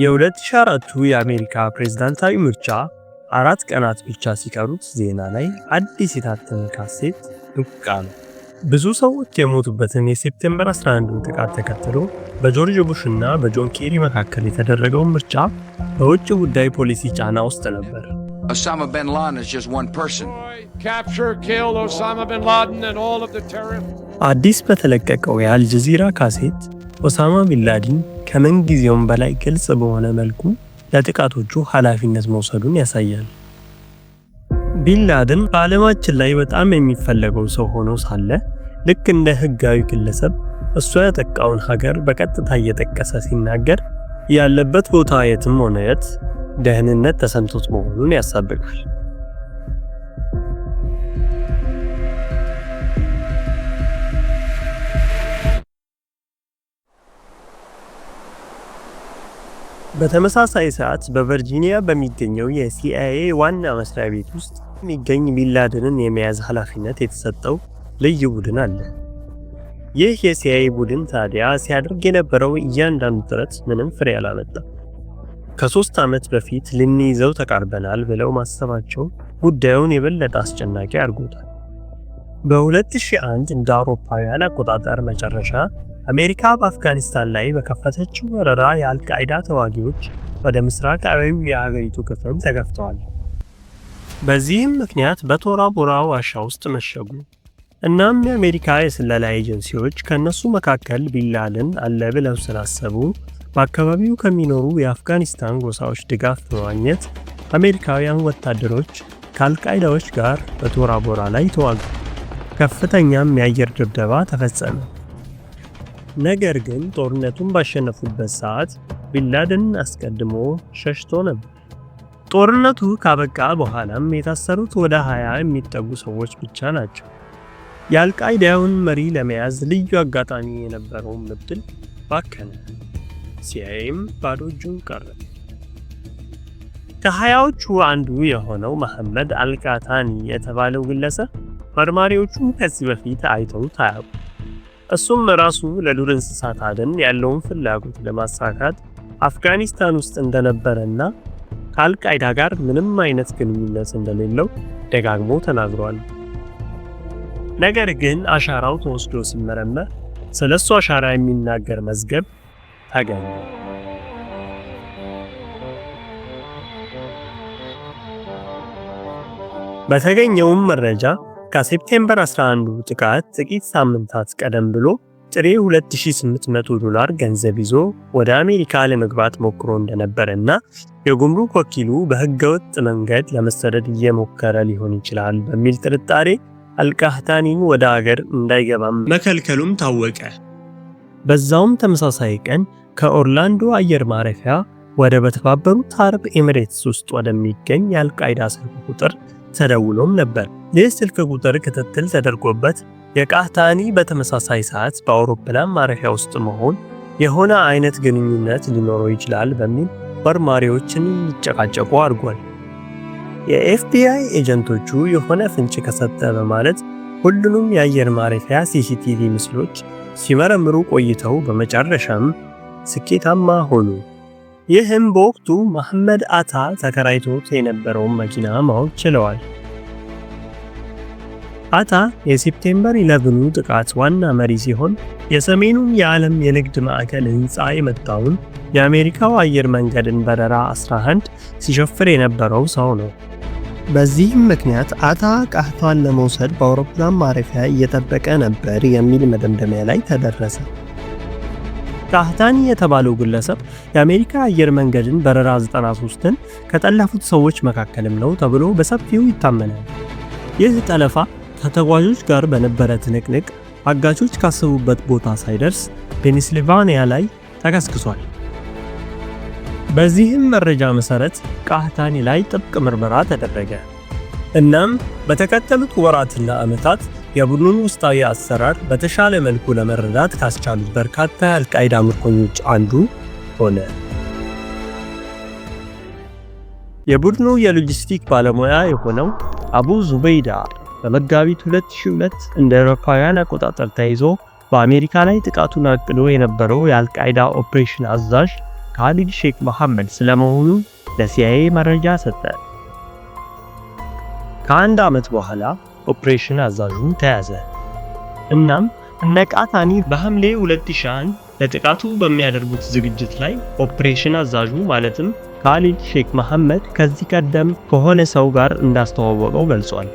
የ2004ቱ የአሜሪካ ፕሬዝዳንታዊ ምርጫ አራት ቀናት ብቻ ሲቀሩት ዜና ላይ አዲስ የታተመ ካሴት ዱቃ ነው። ብዙ ሰዎች የሞቱበትን የሴፕቴምበር 11 ጥቃት ተከትሎ በጆርጅ ቡሽ እና በጆን ኬሪ መካከል የተደረገውን ምርጫ በውጭ ጉዳይ ፖሊሲ ጫና ውስጥ ነበር። አዲስ በተለቀቀው የአልጀዚራ ካሴት ኦሳማ ቢንላዲን ከምንጊዜውም በላይ ግልጽ በሆነ መልኩ ለጥቃቶቹ ኃላፊነት መውሰዱን ያሳያል። ቢን ላደን በዓለማችን ላይ በጣም የሚፈለገው ሰው ሆኖ ሳለ ልክ እንደ ህጋዊ ግለሰብ እሱ ያጠቃውን ሀገር በቀጥታ እየጠቀሰ ሲናገር ያለበት ቦታ የትም ሆነ የት ደህንነት ተሰምቶት መሆኑን ያሳብቃል። በተመሳሳይ ሰዓት በቨርጂኒያ በሚገኘው የሲአይኤ ዋና መስሪያ ቤት ውስጥ የሚገኝ ቢንላደንን የመያዝ ኃላፊነት የተሰጠው ልዩ ቡድን አለ። ይህ የሲአይኤ ቡድን ታዲያ ሲያደርግ የነበረው እያንዳንዱ ጥረት ምንም ፍሬ አላመጣ። ከሶስት ዓመት በፊት ልንይዘው ተቃርበናል ብለው ማሰባቸው ጉዳዩን የበለጠ አስጨናቂ አድርጎታል። በ2001 እንደ አውሮፓውያን አቆጣጠር መጨረሻ አሜሪካ በአፍጋኒስታን ላይ በከፈተችው ወረራ የአልቃይዳ ተዋጊዎች ወደ ምስራቅ አረብ የሀገሪቱ ክፍል ተገፍተዋል። በዚህም ምክንያት በቶራ ቦራ ዋሻ ውስጥ መሸጉ። እናም የአሜሪካ የስለላ ኤጀንሲዎች ከእነሱ መካከል ቢላልን አለ ብለው ስላሰቡ በአካባቢው ከሚኖሩ የአፍጋኒስታን ጎሳዎች ድጋፍ በማግኘት አሜሪካውያን ወታደሮች ከአልቃይዳዎች ጋር በቶራ ቦራ ላይ ተዋጉ። ከፍተኛም የአየር ድብደባ ተፈጸመ። ነገር ግን ጦርነቱን ባሸነፉበት ሰዓት ቢንላደንን አስቀድሞ ሸሽቶ ነበር። ጦርነቱ ካበቃ በኋላም የታሰሩት ወደ 20 የሚጠጉ ሰዎች ብቻ ናቸው። የአልቃይዳውን መሪ ለመያዝ ልዩ አጋጣሚ የነበረውን ምድል ባከነ። ሲአይኤም ባዶ እጁን ቀረ። ከሀያዎቹ አንዱ የሆነው መሐመድ አልቃታኒ የተባለው ግለሰብ መርማሪዎቹ ከዚህ በፊት አይተውት አያውቁ። እሱም ራሱ ለዱር እንስሳት አደን ያለውን ፍላጎት ለማሳካት አፍጋኒስታን ውስጥ እንደነበረና ከአልቃይዳ ጋር ምንም አይነት ግንኙነት እንደሌለው ደጋግሞ ተናግሯል። ነገር ግን አሻራው ተወስዶ ሲመረመር ስለ እሱ አሻራ የሚናገር መዝገብ ተገኘ። በተገኘውም መረጃ ከሴፕቴምበር 11 ጥቃት ጥቂት ሳምንታት ቀደም ብሎ ጥሬ 2800 ዶላር ገንዘብ ይዞ ወደ አሜሪካ ለመግባት ሞክሮ እንደነበረና የጉምሩክ ወኪሉ በህገወጥ መንገድ ለመሰደድ እየሞከረ ሊሆን ይችላል በሚል ጥርጣሬ አልቃህታኒን ወደ አገር እንዳይገባም መከልከሉም ታወቀ። በዛውም ተመሳሳይ ቀን ከኦርላንዶ አየር ማረፊያ ወደ በተባበሩት አረብ ኤምሬትስ ውስጥ ወደሚገኝ የአልቃይዳ ስልክ ቁጥር ተደውሎም ነበር። ይህ ስልክ ቁጥር ክትትል ተደርጎበት የቃህታኒ በተመሳሳይ ሰዓት በአውሮፕላን ማረፊያ ውስጥ መሆን የሆነ አይነት ግንኙነት ሊኖረው ይችላል በሚል መርማሪዎችን ይጨቃጨቁ አድርጓል። የኤፍቢአይ ኤጀንቶቹ የሆነ ፍንጭ ከሰጠ በማለት ሁሉንም የአየር ማረፊያ ሲሲቲቪ ምስሎች ሲመረምሩ ቆይተው በመጨረሻም ስኬታማ ሆኑ። ይህም በወቅቱ መሐመድ አታ ተከራይቶት የነበረውን መኪና ማወቅ ችለዋል። አታ የሴፕቴምበር 11ኑ ጥቃት ዋና መሪ ሲሆን የሰሜኑን የዓለም የንግድ ማዕከል ሕንፃ የመታውን የአሜሪካው አየር መንገድን በረራ 11 ሲሸፍር የነበረው ሰው ነው። በዚህም ምክንያት አታ ቃህቷን ለመውሰድ በአውሮፕላን ማረፊያ እየጠበቀ ነበር የሚል መደምደሚያ ላይ ተደረሰ። ራህታኒ የተባለው ግለሰብ የአሜሪካ አየር መንገድን በረራ 93ን ከጠለፉት ሰዎች መካከልም ነው ተብሎ በሰፊው ይታመናል። ይህ ጠለፋ ከተጓዦች ጋር በነበረ ትንቅንቅ አጋቾች ካሰቡበት ቦታ ሳይደርስ ፔንስልቫኒያ ላይ ተከስክሷል። በዚህም መረጃ መሰረት ቃህታኒ ላይ ጥብቅ ምርመራ ተደረገ። እናም በተከተሉት ወራትና ዓመታት የቡድኑን ውስጣዊ አሰራር በተሻለ መልኩ ለመረዳት ካስቻሉት በርካታ የአልቃይዳ ምርኮኞች አንዱ ሆነ። የቡድኑ የሎጂስቲክ ባለሙያ የሆነው አቡ ዙበይዳ በመጋቢት 2002 እንደ አውሮፓውያን አቆጣጠር ተይዞ በአሜሪካ ላይ ጥቃቱን አቅዶ የነበረው የአልቃይዳ ኦፕሬሽን አዛዥ ካሊድ ሼክ መሐመድ ስለመሆኑ ለሲአይኤ መረጃ ሰጠ። ከአንድ ዓመት በኋላ ኦፕሬሽን አዛዡን ተያዘ። እናም እነ ቃታኒ በሐምሌ 2001 ለጥቃቱ በሚያደርጉት ዝግጅት ላይ ኦፕሬሽን አዛዡ ማለትም ካሊድ ሼክ መሐመድ ከዚህ ቀደም ከሆነ ሰው ጋር እንዳስተዋወቀው ገልጿል።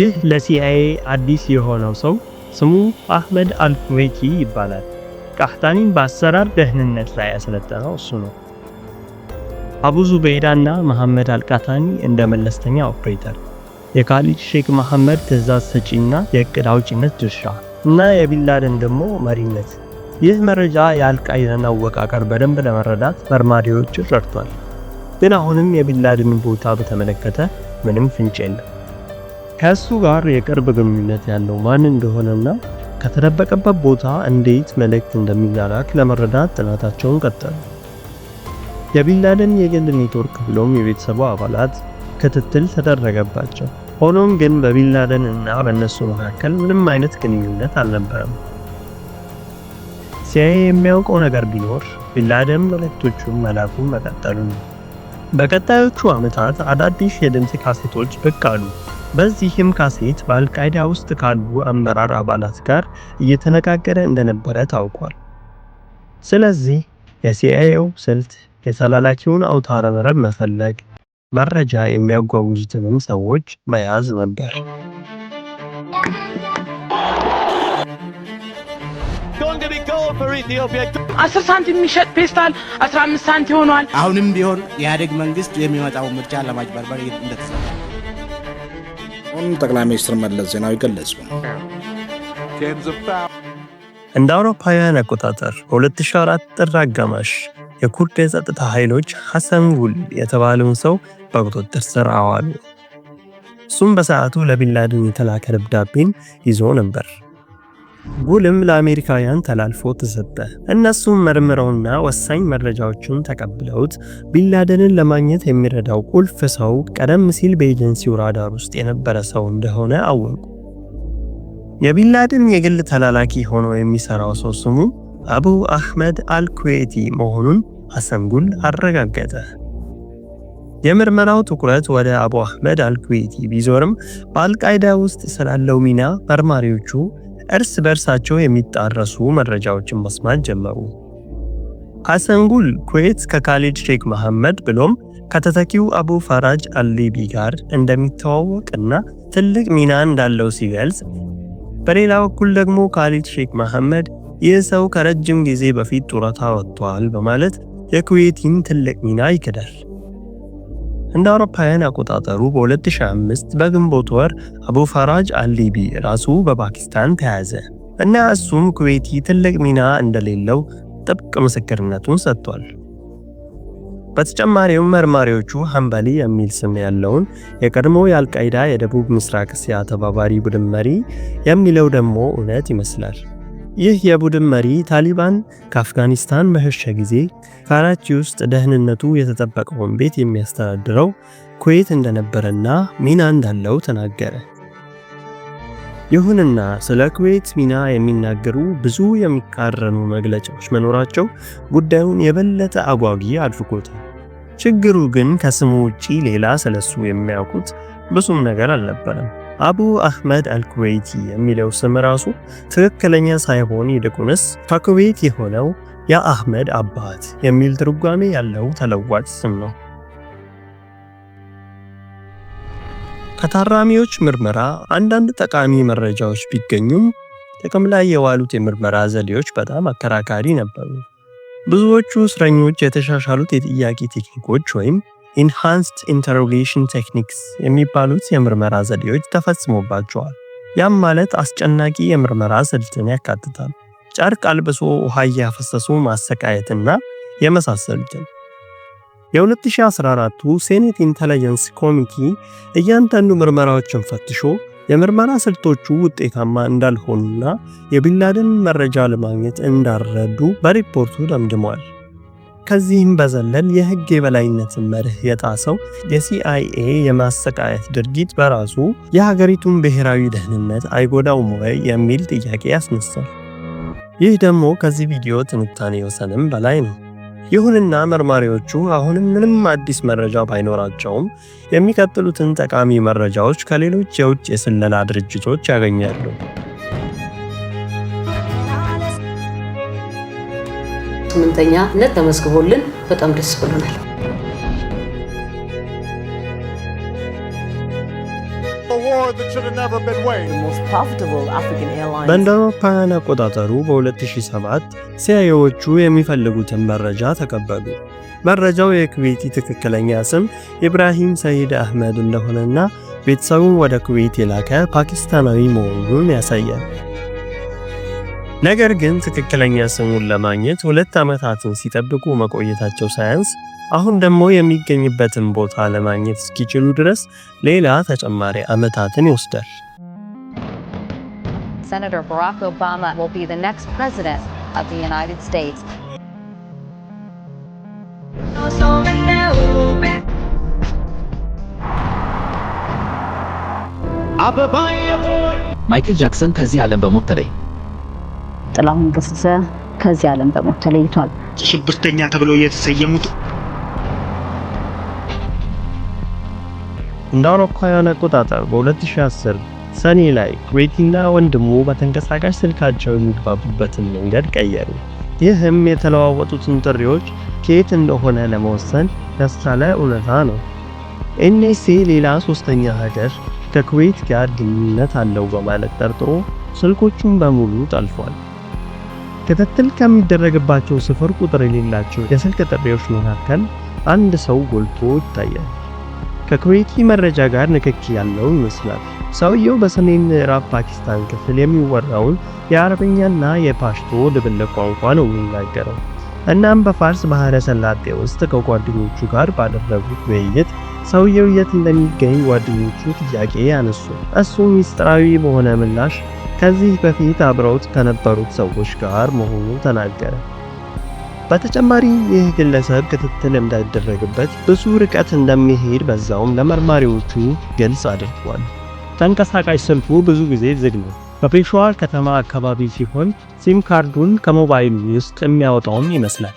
ይህ ለሲአይኤ አዲስ የሆነው ሰው ስሙ አህመድ አልኩዌቲ ይባላል። ቃህታኒን በአሰራር ደህንነት ላይ ያሰለጠነው እሱ ነው። አቡ ዙበይዳ እና መሐመድ አልቃታኒ እንደ መለስተኛ ኦፕሬተር የካሊድ ሼክ መሐመድ ትእዛዝ ሰጪና የእቅድ አውጪነት ድርሻ እና የቢንላደን ደግሞ መሪነት። ይህ መረጃ የአልቃይዳን አወቃቀር በደንብ ለመረዳት መርማሪዎች ረድቷል። ግን አሁንም የቢንላደን ቦታ በተመለከተ ምንም ፍንጭ የለም። ከእሱ ጋር የቅርብ ግንኙነት ያለው ማን እንደሆነና ከተደበቀበት ቦታ እንዴት መልእክት እንደሚላላክ ለመረዳት ጥናታቸውን ቀጠሉ። የቢንላደን የግል ኔትወርክ ብሎም የቤተሰቡ አባላት ክትትል ተደረገባቸው። ሆኖም ግን በቢንላደን እና በእነሱ መካከል ምንም አይነት ግንኙነት አልነበረም። ሲአይኤ የሚያውቀው ነገር ቢኖር ቢንላደን መልእክቶቹን መላኩን መቀጠሉ ነው። በቀጣዮቹ ዓመታት አዳዲስ የድምፅ ካሴቶች ብቅ አሉ። በዚህም ካሴት በአልቃይዳ ውስጥ ካሉ አመራር አባላት ጋር እየተነጋገረ እንደነበረ ታውቋል። ስለዚህ የሲአይኤው ስልት የተላላኪውን አውታረ መረብ መፈለግ መረጃ የሚያጓጉዙትንም ሰዎች መያዝ ነበር። አስር ሳንቲም የሚሸጥ ፔስታል 15 ሳንቲም ሆኗል። አሁንም ቢሆን ኢህአዴግ መንግስት የሚመጣው ምርጫ ለማጭበርበር እንደተሰራ ጠቅላይ ሚኒስትር መለስ ዜናዊ ገለጹ። እንደ አውሮፓውያን አቆጣጠር በ2004 ጥር አጋማሽ የኩርድ የጸጥታ ኃይሎች ሐሰን ቡል የተባለውን ሰው በቁጥጥር ስር አዋሉ። እሱም በሰዓቱ ለቢንላደን የተላከ ደብዳቤን ይዞ ነበር። ጉልም ለአሜሪካውያን ተላልፎ ተሰጠ። እነሱም መርምረውና ወሳኝ መረጃዎችን ተቀብለውት ቢንላደንን ለማግኘት የሚረዳው ቁልፍ ሰው ቀደም ሲል በኤጀንሲው ራዳር ውስጥ የነበረ ሰው እንደሆነ አወቁ። የቢንላደን የግል ተላላኪ ሆኖ የሚሰራው ሰው ስሙ አቡ አህመድ አልኩዌቲ መሆኑን አሰንጉል አረጋገጠ። የምርመራው ትኩረት ወደ አቡ አህመድ አልኩዌቲ ቢዞርም በአልቃይዳ ውስጥ ስላለው ሚና መርማሪዎቹ እርስ በእርሳቸው የሚጣረሱ መረጃዎችን መስማት ጀመሩ። ሐሰንጉል ኩዌት ከካሊድ ሼክ መሐመድ ብሎም ከተተኪው አቡ ፈራጅ አልሊቢ ጋር እንደሚተዋወቅና ትልቅ ሚና እንዳለው ሲገልጽ፣ በሌላ በኩል ደግሞ ካሊድ ሼክ መሐመድ ይህ ሰው ከረጅም ጊዜ በፊት ጡረታ ወጥቷል በማለት የኩዌቲን ትልቅ ሚና ይክዳል። እንደ አውሮፓውያን አቆጣጠሩ በ2005 በግንቦት ወር አቡ ፈራጅ አልዲቢ ራሱ በፓኪስታን ተያዘ እና እሱም ኩዌቲ ትልቅ ሚና እንደሌለው ጥብቅ ምስክርነቱን ሰጥቷል። በተጨማሪም መርማሪዎቹ ሐንበሊ የሚል ስም ያለውን የቀድሞ የአልቃይዳ የደቡብ ምስራቅ እስያ ተባባሪ ቡድን መሪ የሚለው ደግሞ እውነት ይመስላል። ይህ የቡድን መሪ ታሊባን ከአፍጋኒስታን በሸሸ ጊዜ ካራቺ ውስጥ ደህንነቱ የተጠበቀውን ቤት የሚያስተዳድረው ኩዌት እንደነበረና ሚና እንዳለው ተናገረ። ይሁንና ስለ ኩዌት ሚና የሚናገሩ ብዙ የሚቃረኑ መግለጫዎች መኖራቸው ጉዳዩን የበለጠ አጓጊ አድርጎታል። ችግሩ ግን ከስሙ ውጪ ሌላ ስለሱ የሚያውቁት ብዙም ነገር አልነበረም። አቡ አህመድ አልኩዌይቲ የሚለው ስም ራሱ ትክክለኛ ሳይሆን ይልቁንስ ከኩዌት የሆነው የአህመድ አባት የሚል ትርጓሜ ያለው ተለዋጭ ስም ነው። ከታራሚዎች ምርመራ አንዳንድ ጠቃሚ መረጃዎች ቢገኙም ጥቅም ላይ የዋሉት የምርመራ ዘዴዎች በጣም አከራካሪ ነበሩ። ብዙዎቹ እስረኞች የተሻሻሉት የጥያቄ ቴክኒኮች ወይም ኢንሃንስድ ኢንተሮጌሽን ቴክኒክስ የሚባሉት የምርመራ ዘዴዎች ተፈጽሞባቸዋል። ያም ማለት አስጨናቂ የምርመራ ስልትን ያካትታል። ጨርቅ አልብሶ ውሃ እያፈሰሱ ማሰቃየትና የመሳሰሉትን። የ2014ቱ ሴኔት ኢንተለጀንስ ኮሚቲ እያንዳንዱ ምርመራዎችን ፈትሾ የምርመራ ስልቶቹ ውጤታማ እንዳልሆኑና የቢንላደን መረጃ ለማግኘት እንዳረዱ በሪፖርቱ ደምድመዋል። ከዚህም በዘለል የህግ የበላይነትን መርህ የጣሰው የሲአይኤ የማሰቃየት ድርጊት በራሱ የሀገሪቱን ብሔራዊ ደህንነት አይጎዳውም ወይ የሚል ጥያቄ ያስነሳል። ይህ ደግሞ ከዚህ ቪዲዮ ትንታኔ ወሰንም በላይ ነው። ይሁንና መርማሪዎቹ አሁንም ምንም አዲስ መረጃ ባይኖራቸውም የሚቀጥሉትን ጠቃሚ መረጃዎች ከሌሎች የውጭ የስለላ ድርጅቶች ያገኛሉ። ስምንተኛነት ተመዝግቦልን በጣም ደስ ብሎናል። በእንደ አውሮፓውያን አቆጣጠሩ በ2007 ሲያዮዎቹ የሚፈልጉትን መረጃ ተቀበሉ። መረጃው የኩዌቲ ትክክለኛ ስም ኢብራሂም ሰይድ አህመድ እንደሆነና ቤተሰቡን ወደ ኩዌት የላከ ፓኪስታናዊ መሆኑን ያሳያል። ነገር ግን ትክክለኛ ስሙን ለማግኘት ሁለት ዓመታትን ሲጠብቁ መቆየታቸው ሳያንስ አሁን ደግሞ የሚገኝበትን ቦታ ለማግኘት እስኪችሉ ድረስ ሌላ ተጨማሪ ዓመታትን ይወስዳል። ባራክ ኦባማ Obama will be the ማይክል ጃክሰን ከዚህ ዓለም በሞት ተለየ። ጥላሁን ገሰሰ ከዚህ ዓለም በሞት ተለይቷል። ሽብርተኛ ተብለው የተሰየሙት እንደ አውሮፓውያን አቆጣጠር በ2010 ሰኔ ላይ ኩዌቲና ወንድሙ በተንቀሳቃሽ ስልካቸው የሚግባቡበትን መንገድ ቀየሩ። ይህም የተለዋወጡትን ጥሪዎች ከየት እንደሆነ ለመወሰን ያስቻለ እውነታ ነው። ኤንኤስኤ ሌላ ሶስተኛ ሀገር ከኩዌት ጋር ግንኙነት አለው በማለት ጠርጥሮ ስልኮቹን በሙሉ ጠልፏል። ክትትል ከሚደረግባቸው ስፍር ቁጥር የሌላቸው የስልክ ጥሪዎች መካከል አንድ ሰው ጎልቶ ይታያል። ከኩዌቲ መረጃ ጋር ንክኪ ያለው ይመስላል። ሰውየው በሰሜን ምዕራብ ፓኪስታን ክፍል የሚወራውን የአረብኛና የፓሽቶ ድብልቅ ቋንቋ ነው የሚናገረው። እናም በፋርስ ባህረ ሰላጤ ውስጥ ከጓደኞቹ ጋር ባደረጉት ውይይት ሰውየው የት እንደሚገኝ ጓደኞቹ ጥያቄ ያነሱ፣ እሱ ሚስጥራዊ በሆነ ምላሽ ከዚህ በፊት አብረውት ከነበሩት ሰዎች ጋር መሆኑ ተናገረ። በተጨማሪ ይህ ግለሰብ ክትትል እንዳይደረግበት ብዙ ርቀት እንደሚሄድ በዛውም ለመርማሪዎቹ ግልጽ አድርጓል። ተንቀሳቃሽ ስልኩ ብዙ ጊዜ ዝግ ነው። በፔሻዋር ከተማ አካባቢ ሲሆን ሲም ካርዱን ከሞባይል ውስጥ የሚያወጣውም ይመስላል።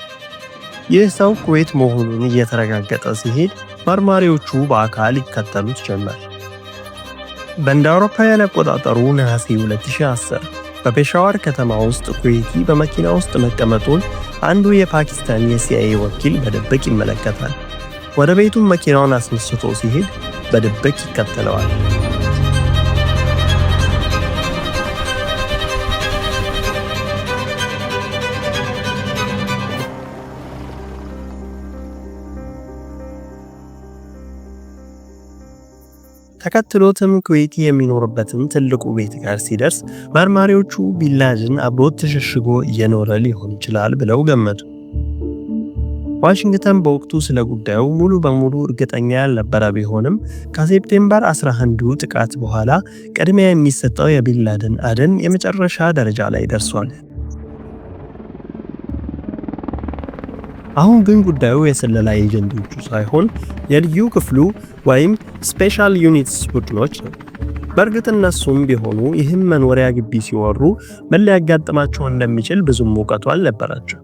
ይህ ሰው ኩዌት መሆኑን እየተረጋገጠ ሲሄድ መርማሪዎቹ በአካል ይከተሉት ጀመር። በእንደ አውሮፓውያን አቆጣጠሩ ነሐሴ 2010 በፔሻዋር ከተማ ውስጥ ኩዌቲ በመኪና ውስጥ መቀመጡን አንዱ የፓኪስታን የሲአይኤ ወኪል በድብቅ ይመለከታል። ወደ ቤቱም መኪናውን አስነስቶ ሲሄድ በድብቅ ይከተለዋል። ተከትሎትም ኩዌት የሚኖርበትን ትልቁ ቤት ጋር ሲደርስ መርማሪዎቹ ቢንላደን አብሮት ተሸሽጎ እየኖረ ሊሆን ይችላል ብለው ገመቱ። ዋሽንግተን በወቅቱ ስለ ጉዳዩ ሙሉ በሙሉ እርግጠኛ ያልነበረ ቢሆንም ከሴፕቴምበር 11ዱ ጥቃት በኋላ ቅድሚያ የሚሰጠው የቢንላደን አደን የመጨረሻ ደረጃ ላይ ደርሷል። አሁን ግን ጉዳዩ የስለላ ኤጀንቶቹ ሳይሆን የልዩ ክፍሉ ወይም ስፔሻል ዩኒትስ ቡድኖች ነው። በእርግጥ እነሱም ቢሆኑ ይህም መኖሪያ ግቢ ሲወሩ ምን ሊያጋጥማቸው እንደሚችል ብዙም እውቀቱ አልነበራቸው።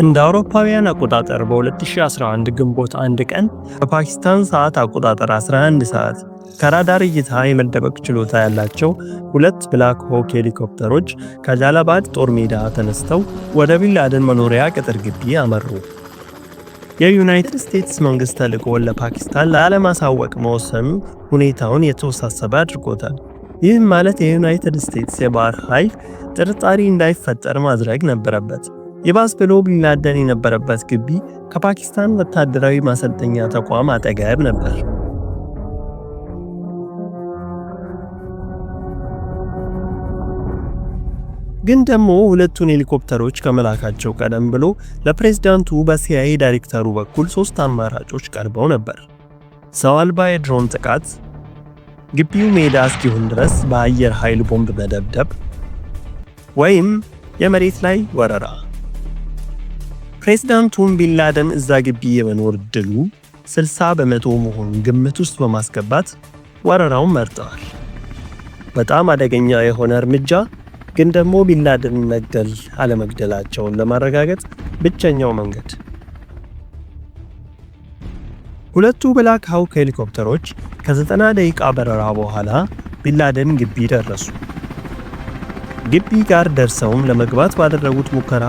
እንደ አውሮፓውያን አቆጣጠር በ2011 ግንቦት አንድ ቀን በፓኪስታን ሰዓት አቆጣጠር 11 ሰዓት ከራዳር እይታ የመደበቅ ችሎታ ያላቸው ሁለት ብላክ ሆክ ሄሊኮፕተሮች ከጃላባድ ጦር ሜዳ ተነስተው ወደ ቢንላደን መኖሪያ ቅጥር ግቢ አመሩ። የዩናይትድ ስቴትስ መንግሥት ተልዕኮውን ለፓኪስታን ላለማሳወቅ መወሰኑ ሁኔታውን የተወሳሰበ አድርጎታል። ይህም ማለት የዩናይትድ ስቴትስ የባህር ኃይል ጥርጣሬ እንዳይፈጠር ማድረግ ነበረበት። የባስ ብሎ ቢንላደን የነበረበት ግቢ ከፓኪስታን ወታደራዊ ማሰልጠኛ ተቋም አጠገብ ነበር። ግን ደግሞ ሁለቱን ሄሊኮፕተሮች ከመላካቸው ቀደም ብሎ ለፕሬዝዳንቱ በሲአይኤ ዳይሬክተሩ በኩል ሶስት አማራጮች ቀርበው ነበር። ሰው አልባ የድሮን ጥቃት፣ ግቢው ሜዳ እስኪሆን ድረስ በአየር ኃይል ቦምብ መደብደብ፣ ወይም የመሬት ላይ ወረራ። ፕሬዚዳንቱን ቢንላደን እዛ ግቢ የመኖር እድሉ 60 በመቶ መሆኑን ግምት ውስጥ በማስገባት ወረራውን መርጠዋል። በጣም አደገኛ የሆነ እርምጃ ግን ደግሞ ቢንላደን መግደል አለመግደላቸውን ለማረጋገጥ ብቸኛው መንገድ። ሁለቱ ብላክ ሃውክ ሄሊኮፕተሮች ከ90 ደቂቃ በረራ በኋላ ቢንላደን ግቢ ደረሱ። ግቢ ጋር ደርሰውም ለመግባት ባደረጉት ሙከራ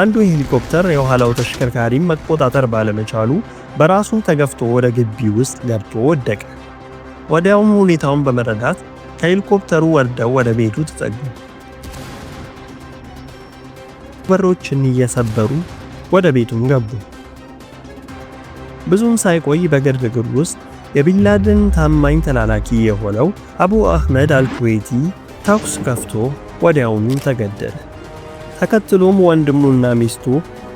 አንዱ ሄሊኮፕተር የኋላው ተሽከርካሪም መቆጣጠር ባለመቻሉ በራሱ ተገፍቶ ወደ ግቢ ውስጥ ገብቶ ወደቀ። ወዲያውም ሁኔታውን በመረዳት ከሄሊኮፕተሩ ወርደው ወደ ቤቱ ተጠጉ። በሮችን እየሰበሩ ወደ ቤቱም ገቡ። ብዙም ሳይቆይ በግርግር ውስጥ የቢንላደን ታማኝ ተላላኪ የሆነው አቡ አህመድ አልኩዌቲ ተኩስ ከፍቶ ወዲያውኑ ተገደለ። ተከትሎም ወንድሙና ሚስቱ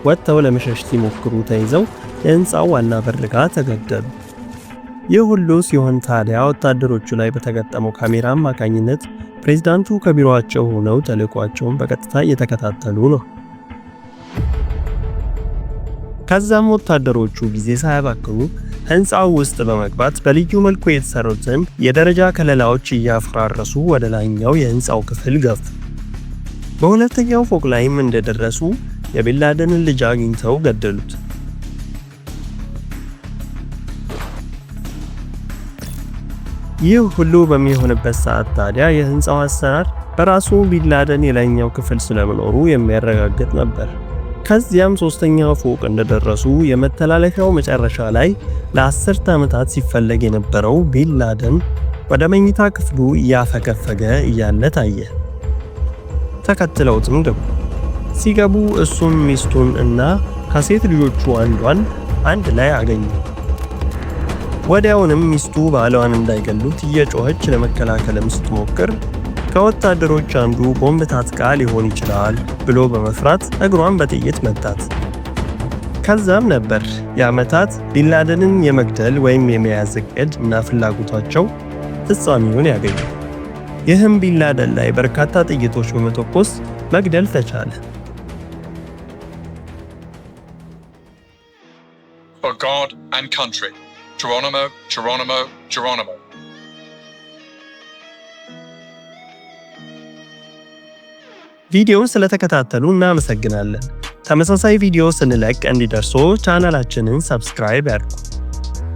ወጥተው ለመሸሽ ሲሞክሩ ተይዘው የሕንፃው ዋና በር ጋር ተገደሉ። ይህ ሁሉ ሲሆን ታዲያ ወታደሮቹ ላይ በተገጠመው ካሜራ አማካኝነት ፕሬዝዳንቱ ከቢሮአቸው ሆነው ተልዕኳቸውን በቀጥታ እየተከታተሉ ነው። ከዛም ወታደሮቹ ጊዜ ሳያባክኑ ሕንፃው ውስጥ በመግባት በልዩ መልኩ የተሰሩትን የደረጃ ከለላዎች እያፈራረሱ ወደ ላይኛው የሕንፃው ክፍል ገፉ። በሁለተኛው ፎቅ ላይም እንደደረሱ የቢንላደንን ልጅ አግኝተው ገደሉት። ይህ ሁሉ በሚሆንበት ሰዓት ታዲያ የህንፃው አሰራር በራሱ ቢንላደን የላይኛው ክፍል ስለመኖሩ የሚያረጋግጥ ነበር። ከዚያም ሶስተኛው ፎቅ እንደደረሱ የመተላለፊያው መጨረሻ ላይ ለአስርተ ዓመታት ሲፈለግ የነበረው ቢንላደን ወደ መኝታ ክፍሉ እያፈገፈገ እያለ ታየ። ተከትለውትም ገቡ። ሲገቡ እሱም ሚስቱን እና ከሴት ልጆቹ አንዷን አንድ ላይ አገኙ። ወዲያውንም ሚስቱ ባሏን እንዳይገሉት እየጮኸች ለመከላከልም ስትሞክር ከወታደሮች አንዱ ቦምብ ታጥቃ ሊሆን ይችላል ብሎ በመፍራት እግሯን በጥይት መታት። ከዛም ነበር የዓመታት ቢንላደንን የመግደል ወይም የመያዝ እቅድ እና ፍላጎታቸው ፍጻሜውን ያገኙ። ይህም ቢንላደን ላይ በርካታ ጥይቶች በመተኮስ መግደል ተቻለ። ቪዲዮውን ስለተከታተሉ እናመሰግናለን። ተመሳሳይ ቪዲዮ ስንለቅ እንዲደርሶ ቻናላችንን ሰብስክራይብ ያድርጉ።